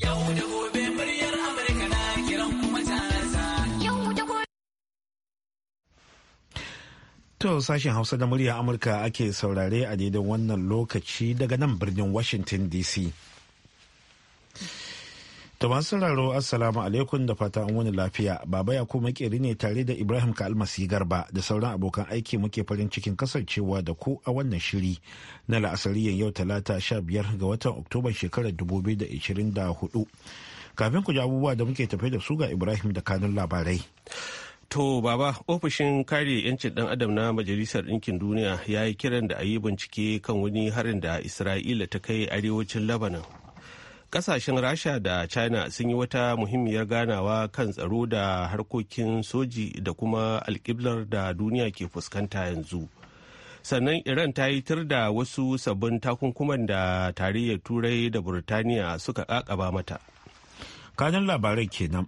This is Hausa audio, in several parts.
Yau gobe muryar To sashen Hausa da muryar Amurka ake saurare a daidai wannan lokaci daga nan birnin Washington DC. To masu sauraro assalamu alaikum da fata an wani lafiya baba ya kuma keri ne tare da Ibrahim Kalmasi Garba da sauran abokan aiki muke farin cikin kasancewa da ku a wannan shiri na la'asariyan yau talata sha biyar ga watan Oktoba shekarar dubu biyu da da hudu Kafin ku ji abubuwa da muke tafe da su ga Ibrahim da kanun labarai. To baba ofishin kare 'yancin ɗan adam na Majalisar Ɗinkin Duniya ya yi kiran da a yi bincike kan wani harin da Isra'ila ta kai arewacin Lebanon. kasashen rasha da china sun yi wata muhimmiyar ganawa kan tsaro da harkokin soji da kuma alkiblar da duniya ke fuskanta yanzu sannan iran ta yi tir da wasu sabbin takunkuman da tarayyar turai da burtaniya suka kakaba mata kanin labarai kenan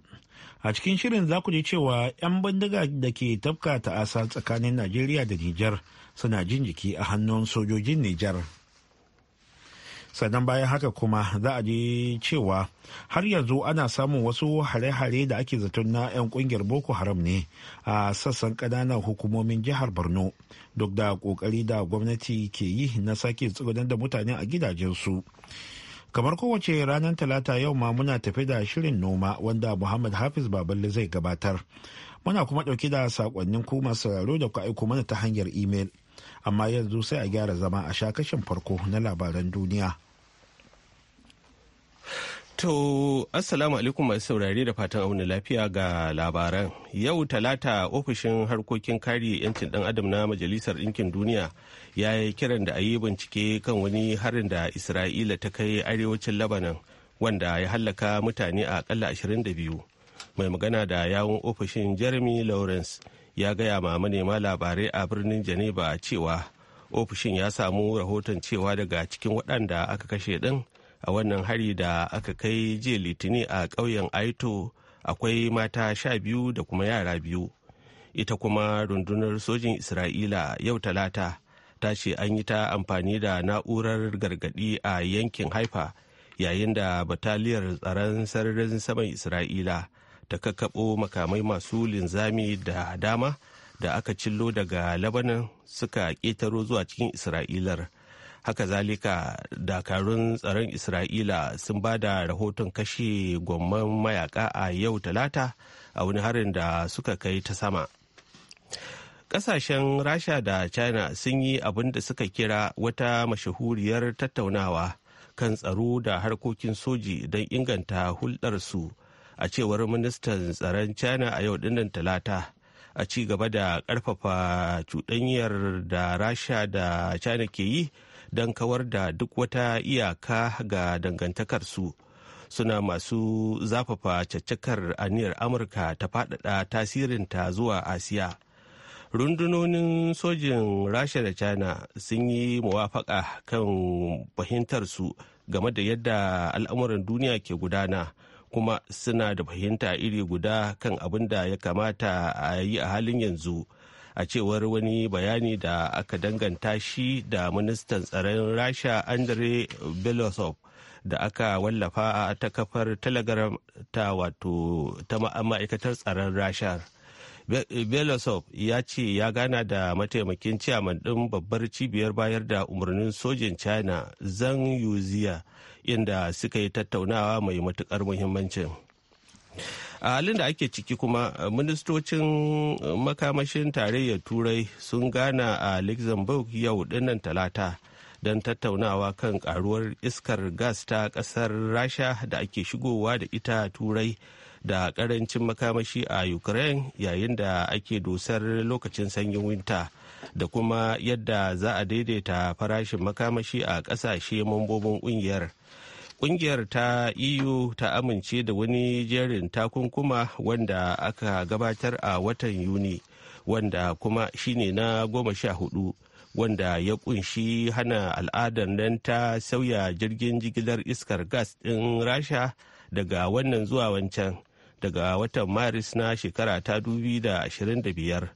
a cikin shirin za ku ji cewa 'yan bindiga da ke tafka ta'asa tsakanin najeriya da nijar suna jin jiki a hannun sojojin nijar sannan bayan haka kuma za a ji cewa har yanzu ana samun wasu hare-hare da ake zaton na 'yan kungiyar boko haram ne a sassan kananan hukumomin jihar borno duk da kokari da gwamnati ke yi na sake tsugunan da mutane a gidajensu kamar kowace ranar talata yau ma muna tafi da shirin noma wanda muhammad hafiz baballe zai gabatar muna kuma dauki da sakonnin ku masu sauraro da ku aiko mana ta hanyar imel amma yanzu sai a gyara zama a shakashin farko na labaran duniya To, Assalamu alaikum masu saurari da fatan auna lafiya ga labaran. Yau talata ofishin harkokin kare 'yancin ɗan adam na Majalisar Ɗinkin Duniya ya yi kiran da a yi bincike kan wani harin da Isra'ila ta kai arewacin Lebanon wanda ya hallaka mutane a akalla 22. Mai magana da yawun ofishin Jeremy Lawrence ya gaya ma manema labarai a birnin Geneva cewa ofishin ya samu rahoton cewa daga cikin waɗanda aka kashe ɗin. a wannan hari da aka kai jiya litini a ƙauyen aito akwai mata sha biyu da kuma yara biyu ita kuma rundunar sojin isra'ila yau talata ta ce an yi ta amfani da na'urar gargadi a yankin haifa yayin da bataliyar tsaron sararin saman isra'ila ta kakkaɓo makamai masu linzami da dama da aka cillo daga labanan suka ƙetaro zuwa cikin isra'ilar haka zalika dakarun tsaron isra'ila sun ba da rahoton kashe gwamman mayaka a yau talata a wani harin da suka kai ta sama kasashen rasha da china sun yi abin da suka kira wata mashahuriyar tattaunawa kan tsaro da harkokin soji don inganta hulɗarsu a cewar ministan tsaron china a yau dinnan talata a ci gaba da ƙarfafa cuɗanyar da rasha da china ke yi don kawar da duk wata iyaka ga dangantakarsu suna masu zafafa caccakar aniyar amurka ta faɗaɗa tasirinta zuwa asiya rundunonin sojin rasha da china sun yi muwafaƙa kan fahimtarsu game da yadda al'amuran duniya ke gudana kuma suna da fahimta iri guda kan abin da ya kamata a yi a halin yanzu a cewar wani bayani da aka danganta shi da ministan tsaron rasha andre belosov da aka wallafa ta kafar telegram ta wato ta ma'aikatar tsaron rasha belosov ya ce ya gana da mataimakin ciyaman ɗin babbar cibiyar bayar da umarnin sojin china zhang yuziya inda suka yi tattaunawa mai matukar muhimmancin a halin da ake ciki kuma eh, ministocin eh, makamashin tarayyar turai sun gana a luxembourg yau dinnan talata don tattaunawa kan karuwar iskar gas ta kasar rasha da ake shigowa da ita turai da karancin makamashi a ukraine yayin da ake dosar lokacin sanyin winta da kuma yadda za a daidaita farashin makamashi a kasashe mambobin kungiyar. kungiyar ta eu ta amince da wani jerin takunkuma wanda aka gabatar a watan yuni wanda kuma shine na goma sha hudu wanda ya kunshi hana al'adar nan ta sauya jirgin jigilar iskar gas din rasha daga wannan zuwa wancan daga watan maris na shekara ta biyar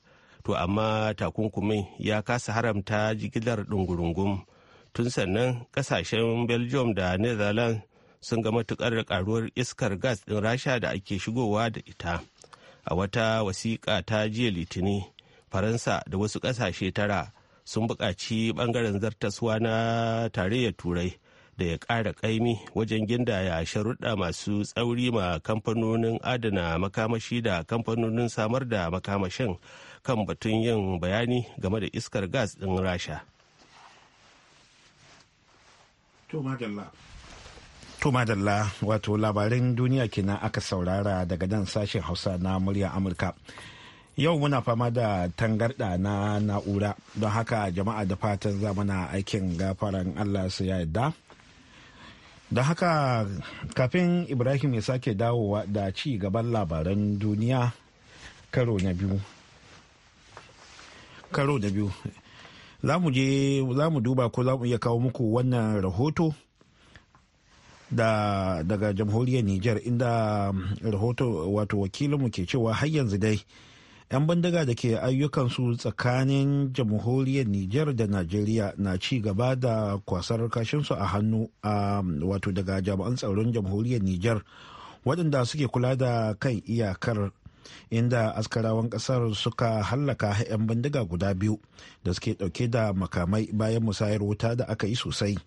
to amma takunkumin ya kasa haramta jigilar ɗungurungum tun sannan kasashen belgium da netherlands sun ga matukar karuwar iskar gas din rasha da ake shigowa da ita a wata wasiƙa ta jiya litini faransa da wasu ƙasashe tara sun buƙaci ɓangaren zartaswa na tarayyar turai da ya ƙara ƙaimi wajen ginda ya sharuɗa masu tsauri ma kamfanonin adana makamashi da kamfanonin samar da makamashin kan batun yin bayani game da iskar gas ɗin rasha To madalla. wato labarin duniya kenan aka saurara daga nan sashen Hausa na murya Amurka. Yau muna fama da tangarda na na'ura don haka jama'a da fatan zamana aikin gafaran Allah su ya yadda. Da haka kafin Ibrahim ya sake dawowa da ci gaban labaran duniya karo na biyu. Karo da biyu. za mu je za mu duba ko za mu iya kawo muku wannan rahoto da daga jamhuriyar niger inda um, rahoto wato wakilinmu ke cewa har yanzu dai 'yan bindiga da ke ayyukan su tsakanin jamhuriyar niger da najeriya na ci gaba da kwasar kashinsu a hannu um, wato daga jami'an tsaron jamhuriyar niger waɗanda suke kula da kan iyakar inda askarawan kasar suka hallaka 'yan bindiga guda biyu da suke dauke da makamai bayan musayar wuta da aka yi sosai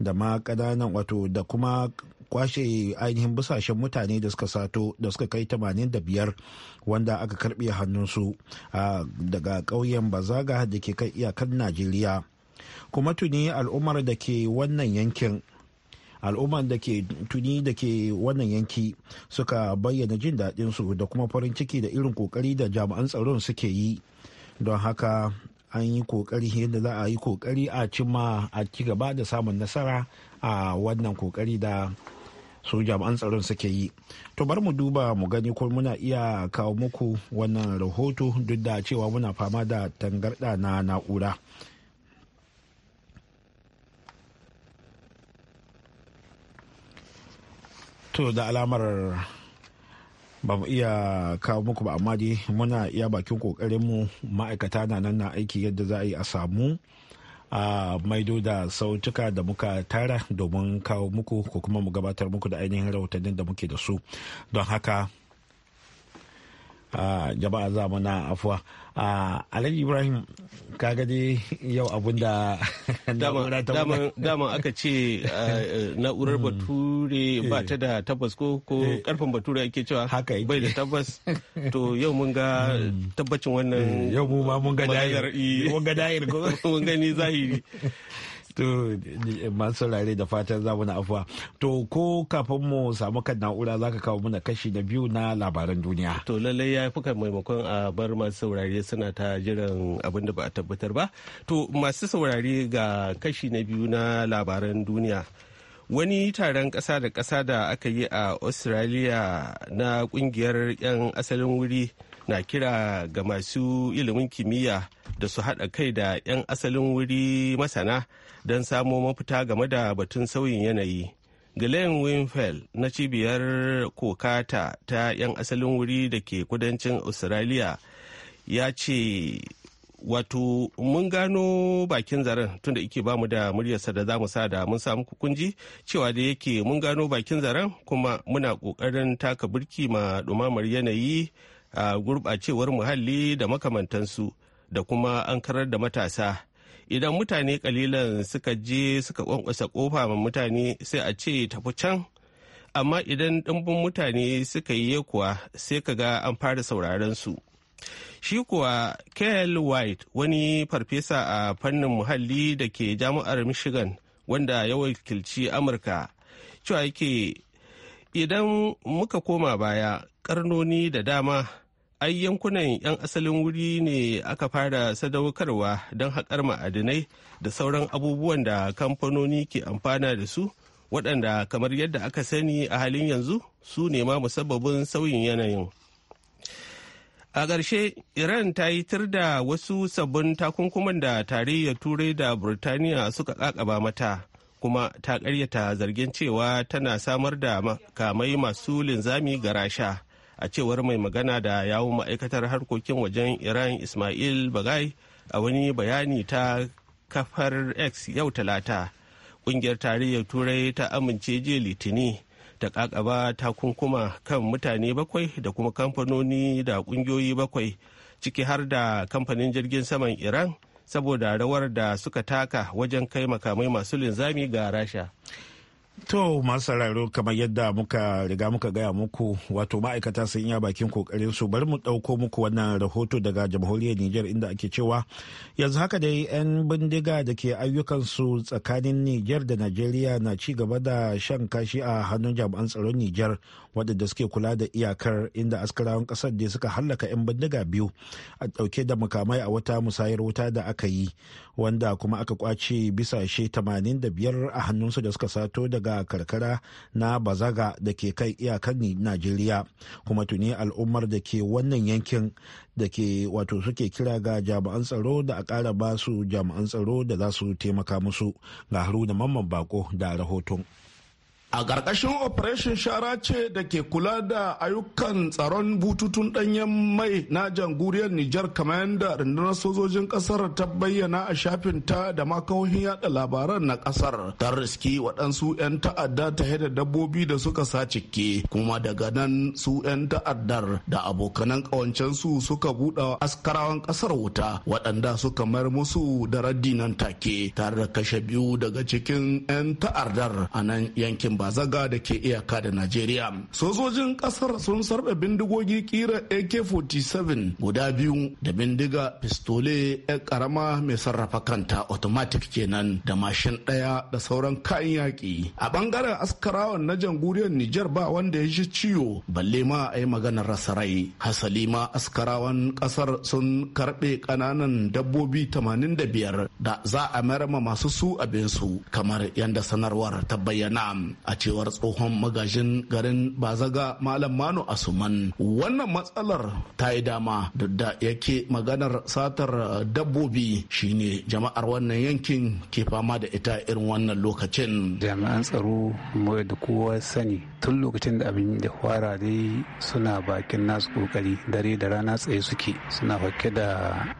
da ma kananan wato da kuma kwashe ainihin busashen mutane da suka sato da suka kai tamanin da biyar wanda aka karbe hannunsu daga ƙauyen bazaga da ke kai iyakar najeriya kuma tuni al'ummar da ke wannan yankin al'umman da ke tuni da ke wannan yanki suka bayyana jin daɗin su da kuma farin ciki da irin kokari da jami'an tsaron suke yi don haka an yi kokari yadda za a yi kokari a cimma a ci gaba da samun nasara a wannan kokari da su jami'an tsaron suke yi to bar mu duba mu gani ko muna iya kawo muku wannan rahoto duk da cewa muna fama da tangarɗa na na'ura to da alamar ba mu iya kawo muku ba amma dai muna iya bakin kokarin mu ma'aikata na nan na aiki yadda za a yi a samu a maido da sautuka da muka tara domin kawo muku ko kuma mu gabatar muku da ainihin rahotannin da muke da su don haka jama'a za mu na afuwa alhaji ibrahim kaga dai yau abun da daman aka ce na'urar hmm. bature eh. ba ta da tabbas ko karfin eh. bature ake cewa bai da tabbas to yau mun ga hmm. tabbacin wannan eh, yau mu ma mun ga dayar mun ga mun gani zahiri to masu saurare da fatan za mu na afuwa to ko kafin mu samu kan na'ura za ka kawo muna kashi na biyu na labaran duniya to lallai ya fi kan maimakon a bar masu saurare suna ta jiran abin da ba a tabbatar ba to masu saurare ga kashi na biyu na labaran duniya wani taron ƙasa da ƙasa da aka yi a australia na ƙungiyar 'yan asalin wuri na kira ga masu ilimin kimiyya da su haɗa kai da 'yan asalin wuri masana don samo mafita game da batun sauyin yanayi. Glenn Winfield na cibiyar kokata ta 'yan asalin wuri da ke kudancin Australia ya ce wato mun gano bakin zaren tunda ike bamu da muryarsa da za mu sa da mun samu kukunji cewa da yake mun gano bakin zaren kuma muna kokarin taka burki ma dumamar yanayi a gurɓacewar muhalli da makamantansu da kuma an karar da matasa idan mutane kalilan suka je suka kwankwasa kofa ma mutane sai a ce tafi can amma idan ɗumbin mutane suka yi kuwa sai ka ga an fara sauraron su shi kuwa kel white wani farfesa a fannin muhalli da ke jami'ar michigan wanda ya wakilci amurka cewa yake idan muka koma baya karnoni da dama ai yankunan 'yan asalin wuri ne aka fara sadaukarwa don haƙar ma'adinai da sauran abubuwan da kamfanoni ke amfana da su waɗanda kamar yadda aka sani a halin yanzu su ne ma musabbabin sauyin yanayin a ƙarshe iran ta yi tir da wasu sabbin takunkuman da tarayyar turai da burtaniya suka ƙaƙaba mata kuma ta ƙaryata zargin cewa tana samar da makamai masu linzami ga rasha a cewar mai magana da yawun ma'aikatar harkokin wajen iran ismail bagai a wani bayani ta kafar x yau talata kungiyar tarayyar turai ta amince jiya litini ta kakaba kunkuma kan mutane bakwai da kuma kamfanoni da kungiyoyi bakwai ciki har da kamfanin jirgin saman iran saboda rawar da suka taka wajen kai makamai masu linzami ga rasha To masararo kamar yadda muka riga muka gaya muku wato ma'aikata sun iya bakin kokarin su bari mu ɗauko muku wannan rahoto daga jamhuriyar Nijar inda ake cewa yanzu haka dai 'yan bindiga da ke ayyukan su tsakanin Nijar da Najeriya na ci gaba da shan kashi a hannun jami'an tsaron Nijar waɗanda suke kula da iyakar inda askarawan kasar da suka hallaka 'yan bindiga biyu a ɗauke da makamai a wata musayar wuta da aka yi wanda kuma aka kwace bisa bisashe 85 a hannunsu da suka sato daga daga karkara na bazaga da ke kai iyakar najeriya kuma tuni al'ummar da ke wannan yankin da ke wato suke kira ga jami'an tsaro da a ƙara ba su jami'an tsaro da za su taimaka musu ga haru da mamman bako da rahoton. a ƙarƙashin operation shara ce da ke kula da ayyukan tsaron bututun ɗanyen mai na janguriyar nijar kamar yadda rundunar sojojin ƙasar ta bayyana a shafin ta da makahohin yada labaran na ƙasar ta riski waɗansu 'yan ta'adda ta da dabbobi da suka sa cike kuma daga nan su 'yan ta'addar da abokanan ƙawancensu suka buɗe askarawan ƙasar wuta waɗanda suka mayar musu da raddi take tare da kashe biyu daga cikin 'yan ta'addar a nan yankin Mazaga da ke iyaka da najeriya sojojin kasar sun sarbe bindigogi kira ak-47 guda biyu da bindiga pistole yan karama mai sarrafa kanta automatic kenan da mashin daya da sauran kayan yaƙi a bangaren askarawan na jamhuriyar nijar ba wanda ya shi ciwo balle ma a yi maganar rasa rai hasali ma askarawan kasar sun karbe kananan dabbobi 85 da za a mayar ma masu su abinsu kamar yadda sanarwar ta bayyana a a cewar tsohon magajin garin bazaga malam mano asuman wannan matsalar ta yi dama duk da yake maganar satar eh, dabbobi shine jama'ar wannan yankin ke fama da ita irin wannan lokacin jami'an tsaro da kowa sani tun lokacin da abin da fara dai suna bakin nasu kokari dare da rana tsaye suke suna fake da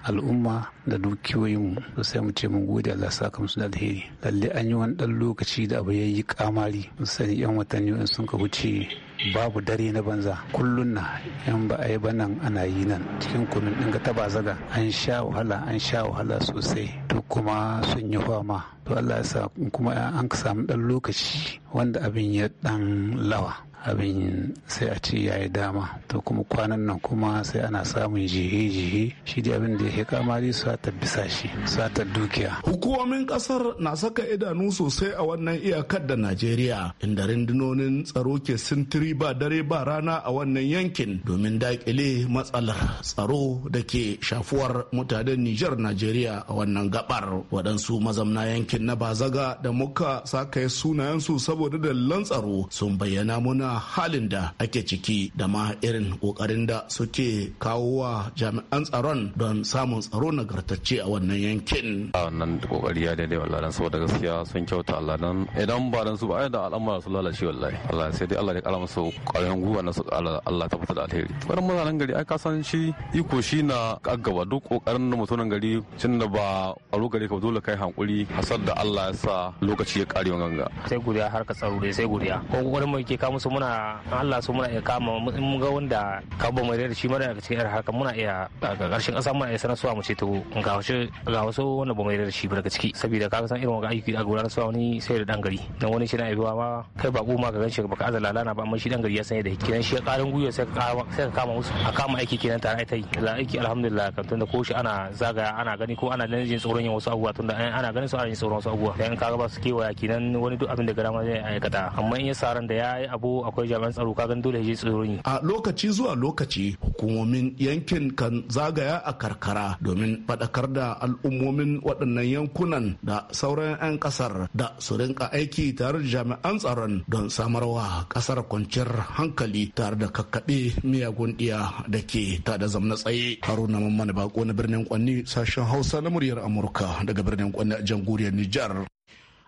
al'umma da dukiyoyinmu sosai mu ce mun gode Allah saka musu da alheri lalle an yi wani dan lokaci da abu yayi kamari sani yan watanni in sun ka wuce babu dare na banza kullum na yan ba a yi banan ana yi nan cikin kunun ɗin ta bazaga an sha wahala an sha wahala sosai to kuma sun yi fama to Allah ya sa kuma an samu ɗan lokaci wanda abin ya ɗan lawa abin sai a ce yayi dama to kuma kwanan nan kuma sai ana samun jihe-jihe shi da abin da ya su sata bisa shi ta dukiya hukumomin ƙasar na saka idanu sosai a wannan iyakar da najeriya inda rundunonin tsaro ke sintiri ba dare ba rana a wannan yankin domin daƙile matsalar tsaro da ke shafuwar mutanen nijar najeriya a wannan gabar waɗansu mazamna yankin na bazaga da muka saka sunayensu saboda dalilan tsaro sun bayyana muna halin da ake ciki da ma irin kokarin da suke kawo wa jami'an tsaron don samun tsaro nagartacce a wannan yankin. A wannan kokari ya daidai wallahi saboda gaskiya sun kyauta Allah dan idan ba dan su ba ai da al'amura su lalace wallahi. Allah sai dai Allah ya kara musu ƙwarin gwiwa na su Allah tabbatar da alheri. Wannan mutanen gari ai ka san shi iko shi na kaggaba duk kokarin da mutanen gari tun da ba a gare ka dole kai hankuri hasar da Allah ya sa lokaci ya kare ganga. Sai guriya harka tsaro sai guriya. Ko kokarin mu ke ka musu muna muna Allah su muna iya kama in ga wanda ka ba mai da shi mara daga cikin yar haka muna iya daga karshen kasa muna iya sanar suwa mu ce to ga wasu ga wasu wanda ba mai da shi ba daga ciki saboda ka san irin wannan aiki a gudanar suwa wani sai da dan gari dan wani shi na aiwa ma kai ba ma ka ganshi baka azala lana ba amma shi dan gari ya san yadda kiran shi ya karin guyo sai ka sai ka kama musu a kama aiki kenan tare ai tai la aiki alhamdulillah kan tunda ko shi ana zagaya ana gani ko ana danjin tsoron yin wasu abubuwa tunda ana ganin su ana yin tsoron wasu abubuwa dan ka ga ba su kewaya kenan wani duk abin da gara ma zai aikata amma in ya saran da ya yi abu akwai jami'an tsaro ka gan dole ya tsoro ne a lokaci zuwa lokaci hukumomin yankin kan zagaya a karkara domin faɗakar da al'ummomin waɗannan yankunan da sauran 'yan ƙasar da su rinka aiki tare da jami'an tsaron don samarwa ƙasar kwanciyar hankali tare da kakkaɓe miyagun ɗiya da ke tada zamna tsaye haruna mamman bako na birnin kwanni sashen hausa na muryar amurka daga birnin kwanni a jamhuriyar nijar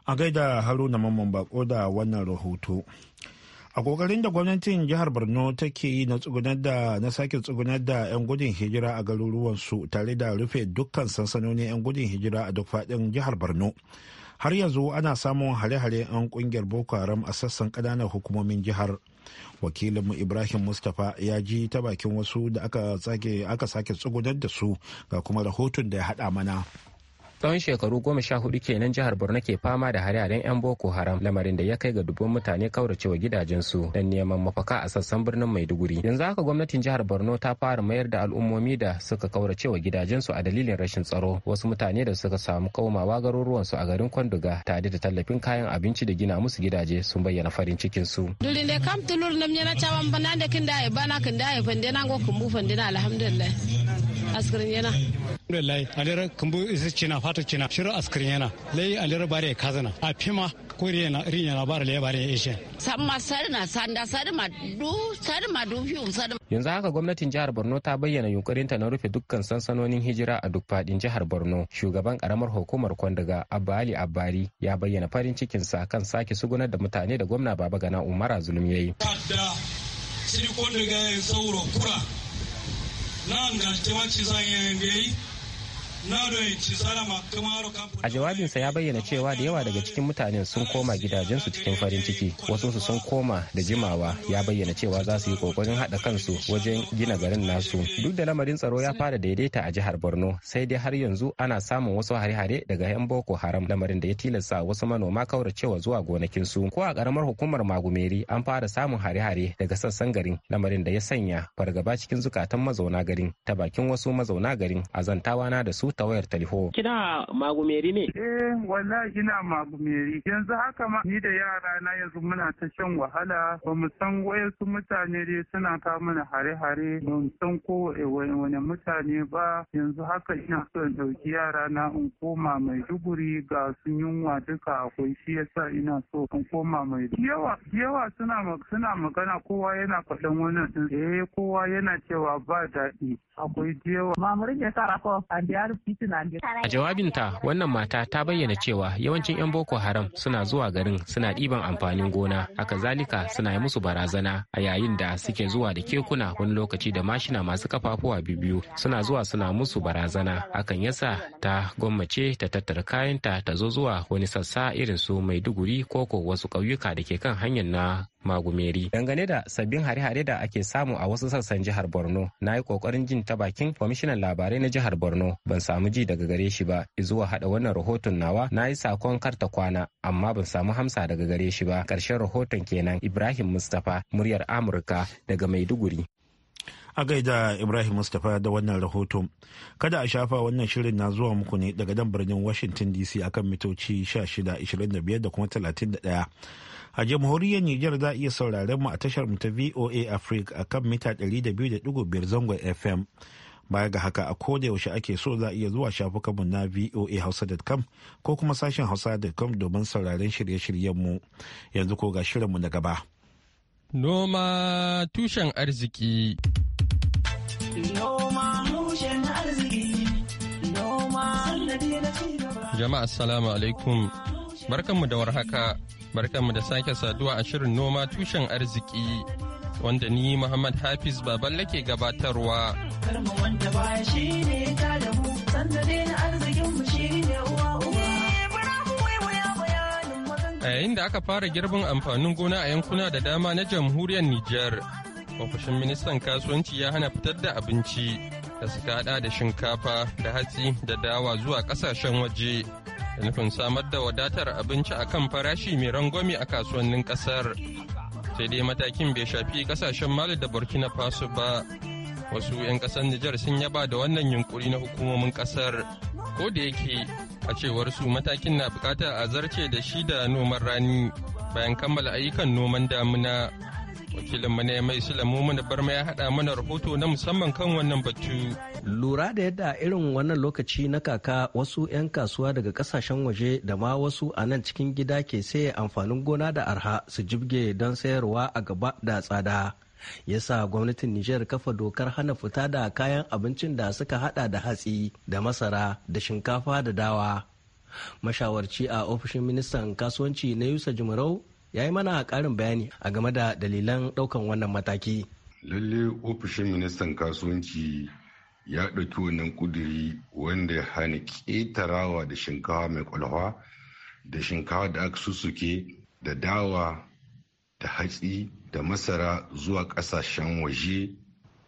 a gaida haruna mamman bako da wannan rahoto a kokarin da gwamnatin jihar borno take yi na tsugunar da na sake tsugunar da 'yan gudun hijira a garuruwansu tare da rufe dukkan sansanoni 'yan gudun hijira a duk fadin jihar borno har yanzu ana samun hare-hare 'yan kungiyar boko haram a sassan kananan hukumomin jihar wakilinmu ibrahim mustapha ya ji ta bakin wasu da aka sake tsugunar da su ga kuma rahoton da ya haɗa mana tsawon shekaru goma sha hudu kenan jihar borno ke fama da hare-haren 'yan boko haram lamarin da ya kai ga dubban mutane kauracewa gidajensu Dan neman mafaka a sassan birnin maiduguri yanzu haka gwamnatin jihar borno ta fara mayar da al'ummomi da suka kauracewa gidajensu a dalilin rashin tsaro wasu mutane da suka samu komawa garuruwansu a garin kwanduga tare da tallafin kayan abinci da gina musu gidaje sun bayyana farin cikin su durinde kam bana da kumbu fende na yana lai alira kumbu isi china fatu china shiru askirin yana lai alira bare kazana a fima ko riyana riyana bare lai bare ishe samma sarina sanda sarima du sarima du fiyu sarima yanzu haka gwamnatin jihar borno ta bayyana yunkurin ta na rufe dukkan sansanonin hijira a duk fadin jihar borno shugaban karamar hukumar kwandaga abba ali abbari ya bayyana farin cikinsa kan sake sugunar da mutane da gwamna baba gana umara zulum yayi sai kwandaga ya sauro kura nan ga cewa ci zan yi A jawabinsa ya bayyana cewa da yawa daga cikin mutanen sun koma gidajensu cikin farin ciki, wasu su sun koma da jimawa ya bayyana cewa za su yi kokarin haɗa kansu wajen gina garin nasu. Duk da lamarin tsaro ya fara daidaita a jihar Borno, sai dai har yanzu ana samun wasu hare-hare daga 'yan Boko Haram lamarin da ya tilasta wasu manoma kauracewa zuwa gonakinsu. Ko a ƙaramar hukumar Magumeri an fara samun hare-hare daga sassan garin lamarin da ya sanya fargaba cikin zukatan mazauna garin ta bakin wasu mazauna garin azantawa na da su ta wayar talho. Kina magumeri ne? Eh wallahi kina magumeri. Yanzu haka ma ni da yara na yanzu muna ta shan wahala ba mu san wayansu mutane dai suna ka mana hare-hare ba mu san ko eh, wani mutane ba yanzu haka ina so in ɗauki yara na in koma mai duguri ga sun yunwa duka akwai shi yasa ina so in koma mai yawa yawa suna suna magana kowa yana faɗan wannan eh kowa yana cewa ba daɗi akwai jewa. Mamurin ya sa rako a biyar A jawabinta wannan mata ta bayyana cewa yawancin 'yan Boko Haram suna zuwa garin suna ɗiban amfanin gona, haka zalika suna yi musu barazana a yayin da suke zuwa da kekuna wani lokaci da mashina masu kafafuwa biyu suna zuwa suna musu barazana. Hakan yasa ta gwammace ta tattara kayanta ta zo zuwa wani sassa irin su Maiduguri koko wasu ƙauyuka da ke kan hanyar na magumeri dangane da sabbin hare-hare da ake samu a wasu sassan jihar borno na yi kokarin jin ta bakin kwamishinan labarai na jihar borno ban samu ji daga gare shi ba Izuwa haɗa wannan rahoton nawa na yi sakon karta kwana amma ban samu hamsa daga gare shi ba ƙarshen rahoton kenan ibrahim mustapha muryar amurka daga maiduguri A gaida Ibrahim Mustapha da wannan rahoto. Kada a shafa wannan shirin na zuwa muku ne daga dan birnin Washington DC akan mitoci 1625 da kuma 31. a jamhuriyar Nijar za a iya sauraren mu a tashar mu ta VOA Africa akan kan mita 200.5 zangon FM. Baya ga haka a koda yaushe ake so za a iya zuwa shafukanmu na voa hausa.com ko kuma sashen hausa.com domin sauraren shirye-shiryen mu yanzu ko ga shirinmu na gaba. Noma tushen arziki. Jama'a assalamu alaikum barkanmu da warhaka barkanmu da sake saduwa a shirin noma tushen arziki wanda ni Muhammad Hafiz baban lake gabatarwa. A yayin da aka fara girbin amfanin gona a yankuna da dama na jamhuriyar Nijar, ofishin ministan kasuwanci ya hana fitar da abinci da suka hada da shinkafa da hatsi da dawa zuwa kasashen waje da nufin samar da wadatar abinci a kan farashi mai rangwame a kasuwannin kasar sai dai matakin bai shafi kasashen mali da burkina faso ba wasu 'yan kasar nijar sun yaba da wannan yunkuri na hukumomin kasar ko da yake a cewar su matakin na bukatar a zarce da shi da noman rani bayan kammala ayyukan noman damuna wakilinmu ne mai silamu mana barma ya haɗa mana rahoto na musamman kan wannan batu. Lura da yadda irin wannan lokaci na kaka wasu 'yan kasuwa daga kasashen waje da ma wasu a nan cikin gida ke saye amfanin gona da arha su jibge don sayarwa a gaba da tsada. yasa gwamnatin Nijar kafa dokar hana fita da kayan abincin da suka hada da hatsi da masara da shinkafa da dawa. Mashawarci a ofishin ministan kasuwanci na Yusa Jimarau ya yi mana ƙarin bayani a game da dalilan ɗaukan wannan mataki. Lalle ofishin ministan kasuwanci ya ɗauki wannan ƙuduri wanda ya hana ƙetarawa da shinkawa mai kwalhwa da shinkawa da aka susuke da dawa da hatsi da masara zuwa ƙasashen waje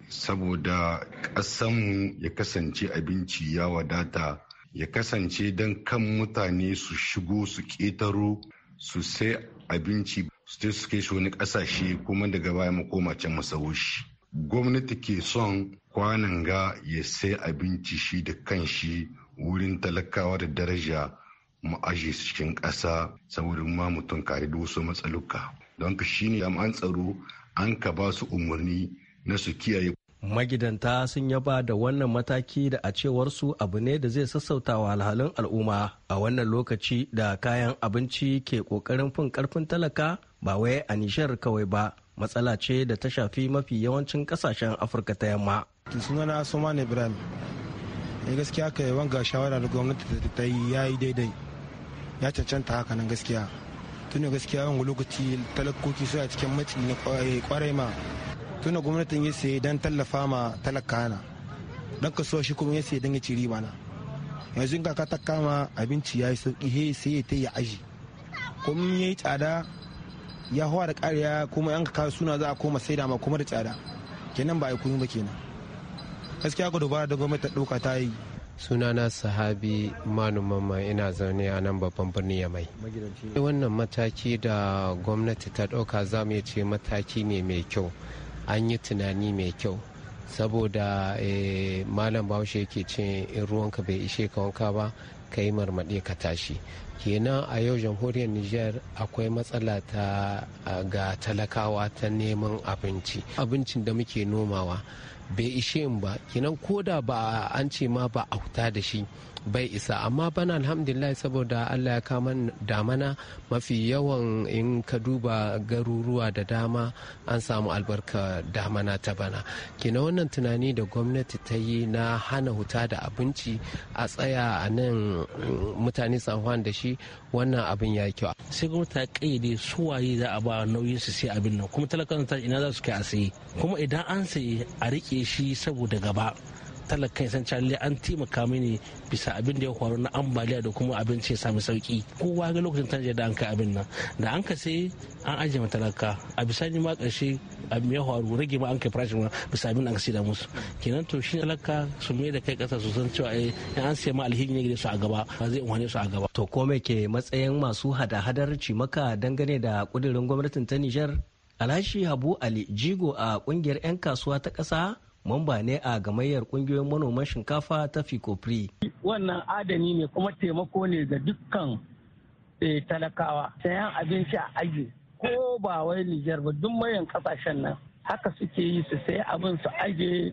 saboda ƙasanmu ya kasance abinci ya wadata ya kasance don kan mutane su shigo su ƙetaro su sai abinci sai su kai shi wani kasashe kuma daga baya mu koma can mu sawo shi gwamnati ke son kwanan ga ya sai abinci shi da kanshi wurin talakawa da daraja mu aje cikin ƙasa saboda ma mutum kare da wasu matsaluka don ka shine jami'an tsaro an ka ba su umarni na su kiyaye magidanta sun yaba da wannan mataki da a cewar su abu ne da zai sassauta wa alhalin al'umma a wannan lokaci da kayan abinci ke kokarin fin karfin talaka ba wai a nishar kawai ba matsala ce da ta shafi mafi yawancin kasashen afirka ta yamma sunana eh, ne ibrahim ya gaskiya ka yi wanga shawara da gwamnati ta yi ya yi daidai ya cancanta haka nan gaskiya tun gaskiya wani lokaci talakoki suna cikin matsi na kwarai ma tunda gwamnatin ya sayi don tallafa ma talakana don kasuwa shi kuma ya sayi don ya ciri mana yanzu in kaka ta kama abinci ya yi sauki he sai ya ta yi aji kuma ya yi tsada ya hawa da kariya kuma yan kaka suna za a koma saida ma kuma da tsada kenan ba a yi kunu ba kenan gaskiya ku dubara da gwamnati ta ɗauka ta yi sunana sahabi manumama ina zaune a nan babban birni ya mai wannan mataki da gwamnati ta ɗauka za mu ce mataki ne mai kyau an yi tunani mai kyau saboda eh, malam bahaushe yake ce in ruwanka bai ishe ka wanka ba ka yi marmaɗe ka tashi kenan a yau jamhuriyar niger akwai matsala ta ga talakawa ta neman abinci abincin da muke nomawa bai ishe ba kenan ko da ba an ce ma ba a huta da shi bai isa amma bana alhamdulillah saboda allah ya kama damana mafi yawan in ka duba garuruwa da dama an samu albarka damana ta bana kina wannan tunani da gwamnati ta yi na hana huta da abinci a tsaya a nan mutane san da shi wannan abin ya kyau sai gwamnati ta kayyade suwaye za a ba nauyin su sai abin nan kuma talakan ina za su kai a saye kuma idan an saye a rike shi saboda gaba talaka ya san cewa an taimaka mini bisa abin da ya faru na ambaliya da kuma abinci ya sami sauki kowa ga lokacin tanje da an kai abin nan da an ka an ajiye matalaka a bisani ma karshe abin ya faru rage ma an kai farashin ma bisa abin da an sai da musu kenan to shi talaka su mai da kai kasa su san cewa eh an sai ma alhini ne su a gaba ba zai umarne su a gaba to ko ke matsayin masu hada-hadar cimaka dangane da kudirin gwamnatin ta Nijar Alhashi Habu Ali Jigo a kungiyar 'yan kasuwa ta kasa. mamba ne a gamayyar kungiyoyin manoman shinkafa ta fikofri wannan adani ne kuma taimako ne ga dukkan eh, talakawa sayan abinci a aji ko ba wai nijar ba duk mayan kasashen nan haka suke yi su sai abin su aje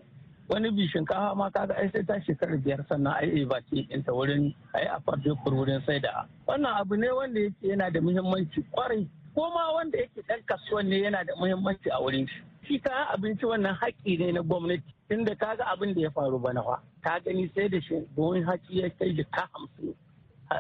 wani bi shinkafa ma kaga ai sai ta shekarar biyar sannan ai ai ce inta wurin ai a farfe wurin sai da wannan abu ne wanda yake yana da muhimmanci kwarai ko ma wanda yake ɗan kasuwan ne yana da muhimmanci a wurin shi shi ka abinci wannan haƙƙi ne na gwamnati inda ka ga abin da ya faru bana fa ta gani sai da shi domin haƙƙi ya kai jika hamsin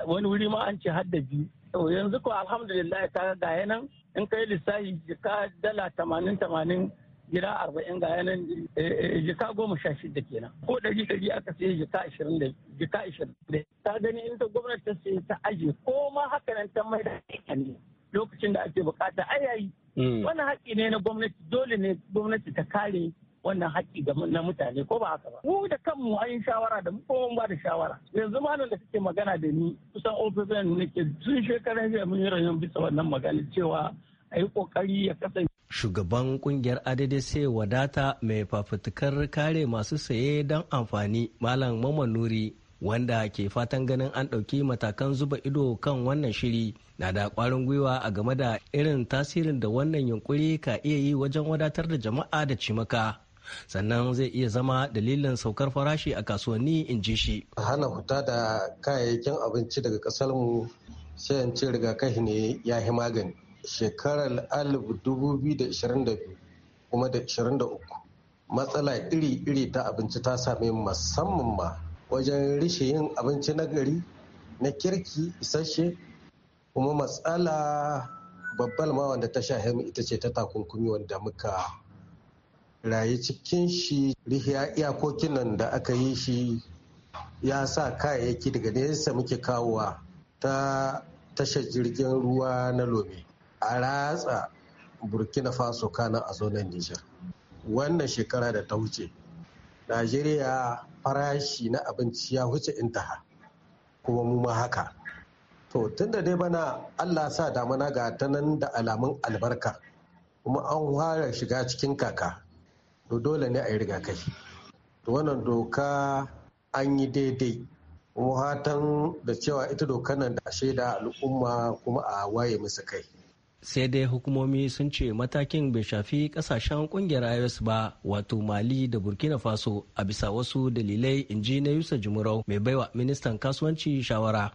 wani wuri ma an ce har da biyu yanzu ko alhamdulillah ka ga yanan in kai lissafi jika dala tamanin tamanin gida arba'in ga yanan eh, eh, jika goma sha shida kenan ko ɗari ɗari aka sai jika ashirin da jika ashirin da ta gani in ta gwamnati ta sai ta aje ko ma haka nan ta mai da ne lokacin da ake bukata a yayi hmm. wannan haƙƙi ne na gwamnati dole ne gwamnati ta kare wannan haƙƙi na mutane ko ba haka ba mu da kanmu an yi shawara da mu ko mun ba da shawara yanzu malam da kake magana da ni kusan ofisar nake tun shekaran jiya mun yi rayuwar bisa wannan magana cewa a yi kokari ya kasance shugaban kungiyar sai wadata mai fafutukar kare masu saye don amfani malam mamanuri nuri wanda ke fatan ganin an ɗauki matakan zuba ido kan wannan shiri na da ƙwarin gwiwa a game da irin tasirin da wannan yunkuri ka iya yi wajen wadatar da jama'a da cimaka sannan zai iya zama dalilin saukar farashi a kasuwanni in ji shi hana huta da kayayyakin abinci daga ƙasar mu sai in rigakafi ne ya yi magani shekarar 2022 kuma da 23 matsala iri-iri ta abinci ta same musamman ma wajen rishe yin abinci na gari na kirki isasshe kuma matsala babbal ma wanda ta sha ita ce ta takunkumi wanda muka rayu cikin shi rihiya iyakokin nan da aka yi shi ya sa kayayyaki daga nesa muke kawowa ta tashar jirgin ruwa na lome a ratsa burkina faso kana a zonar nijar wannan shekara da ta wuce najeriya farashi na abinci ya wuce intaha kuma mu ma haka to tunda dai bana allah sa damana ga ta nan da alamun albarka kuma an fara shiga cikin kaka to dole ne a yi rigakafi to wannan doka an yi daidai kuma hatan da cewa ita dokar nan da shaida al'umma kuma a waye musu kai sai dai hukumomi sun ce matakin bai shafi kasashen kungiyar ios ba wato mali da burkina faso a bisa wasu dalilai inji na yusa jimurau mai baiwa ministan kasuwanci shawara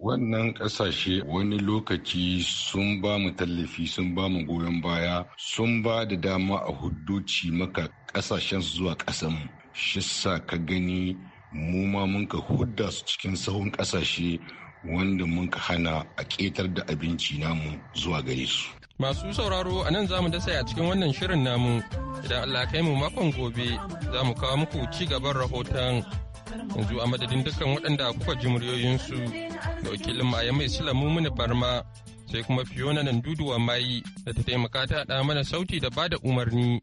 wannan kasashe wani lokaci sun ba mu tallafi sun ba mu goyon baya sun ba da dama a huduci maka kasashen zuwa kasan shi ka gani mu ma mun ka hudda su cikin sahun kasashe wanda mun ka hana a ƙetar da abinci namu zuwa gare su. Masu sauraro a nan za mu dasa a cikin wannan shirin namu idan Allah kai mu makon gobe za mu kawo muku ci gaban rahoton yanzu a madadin dukkan waɗanda kuka ji muryoyinsu da wakilin ma mai silamu muni barma sai kuma fiona nan duduwa mayi da ta taimaka ta haɗa mana sauti da bada umarni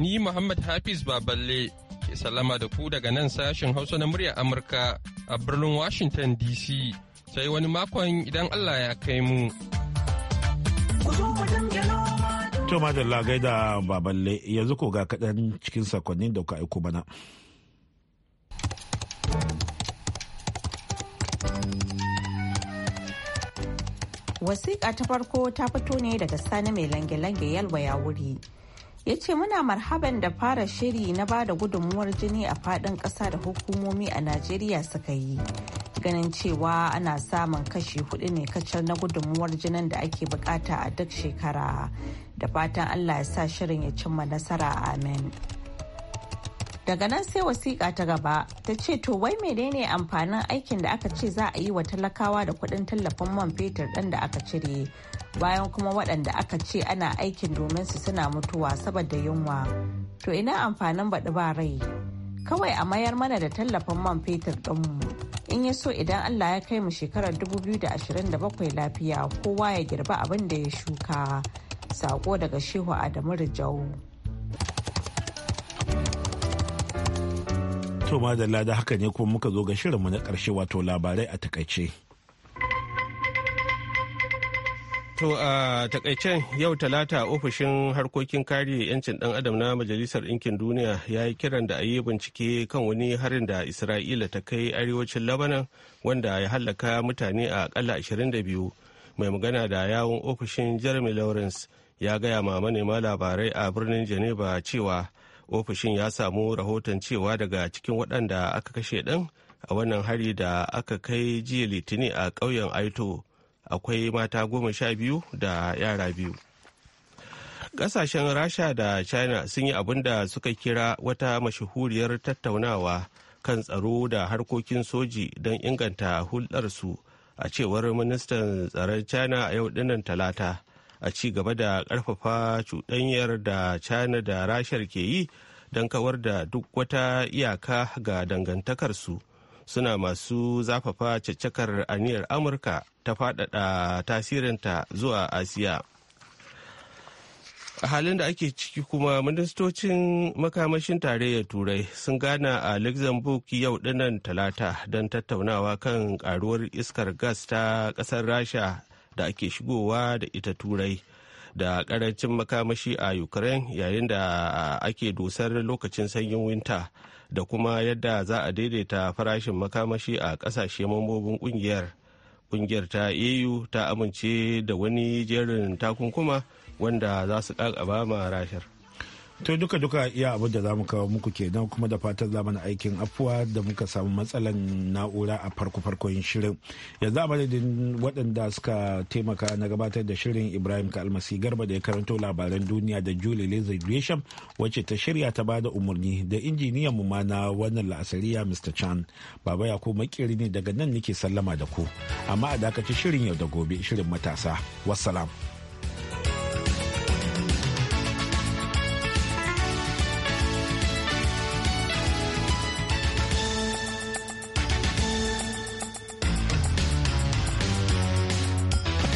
ni muhammad hafiz baballe ke salama da ku daga nan sashen hausa na murya amurka a birnin washington dc sai wani makon idan Allah ya kai mu. To madalla gaida baballe yanzu ko ga kaɗan cikin sakonnin da ka aiko mana. Wasiƙa ta farko ta fito ne daga sani mai lange-lange yalwa ya wuri. ya ce muna marhaban da fara shiri na ba da gudunmuwar jini a fadin kasa da hukumomi a najeriya suka yi ganin cewa ana samun kashi hudu ne kacal na gudunmuwar jinin da ake bukata a duk shekara da fatan allah ya sa shirin ya cimma nasara amen daga nan sai wasiƙa ta gaba ta ce to wai menene amfanin aikin da aka ce za a yi wa talakawa da kuɗin tallafin man fetur ɗin da aka cire bayan kuma waɗanda aka ce ana aikin domin su suna mutuwa saboda yunwa to ina amfanin baɗi ba rai kawai a mayar mana da tallafin man fetur ɗinmu in ya so idan allah ya kai mu shekarar dubu da da bakwai lafiya kowa ya girba abin da ya shuka sako daga shehu adamu rijau To madalla da haka ne kuma muka zo ga mu na ƙarshe wato labarai a takaice. To a takaicen yau talata ofishin harkokin kare 'yancin ɗan adam na Majalisar Ɗinkin Duniya ya yi kiran da a yi bincike kan wani harin da Isra'ila ta kai arewacin Labanan wanda ya hallaka mutane a akalla 22. Mai magana da yawun ofishin Jeremy Lawrence ya gaya ma manema labarai a birnin Geneva cewa ofishin ya samu rahoton cewa daga cikin waɗanda aka kashe ɗin a wannan hari da aka kai jiya litini a ƙauyen aito akwai mata goma sha biyu da yara biyu ƙasashen rasha da china sun yi abin da suka kira wata mashahuriyar tattaunawa kan tsaro da harkokin soji don inganta hulɗarsu a cewar ministan tsaron china a yau dinnan talata a ci gaba da ƙarfafa cuɗanyar da china da rashar ke yi don kawar da duk wata iyaka ga dangantakarsu suna masu zafafa caccakar aniyar amurka ta faɗaɗa tasirinta zuwa asiya a halin da ake ciki kuma ministocin makamashin tarayyar turai sun gana a luxembourg yau dinnan talata don tattaunawa kan karuwar iskar gas ta kasar rasha da ake shigowa da ita turai da karancin makamashi a ukraine yayin da ake dusar lokacin sanyin winta da kuma yadda za a daidaita farashin makamashi a kasashe mambobin kungiyar kungiyar ta eu ta amince da wani jerin takunkuma wanda za su kakaba ma rashar to duka duka iya abin da zamu kawo muku kenan kuma da fatan za mana aikin afuwa da muka samu matsalan na'ura a farko farkon shirin yanzu a madadin waɗanda suka taimaka na gabatar da shirin ibrahim kalmasi garba da ya karanto labaran duniya da julie laser gresham wacce ta shirya ta bada umarni da injiniyan mu ma na wannan la'asariya mr chan baba ya ko ne daga nan nake sallama da ku amma a dakaci shirin yau da gobe shirin matasa wassalam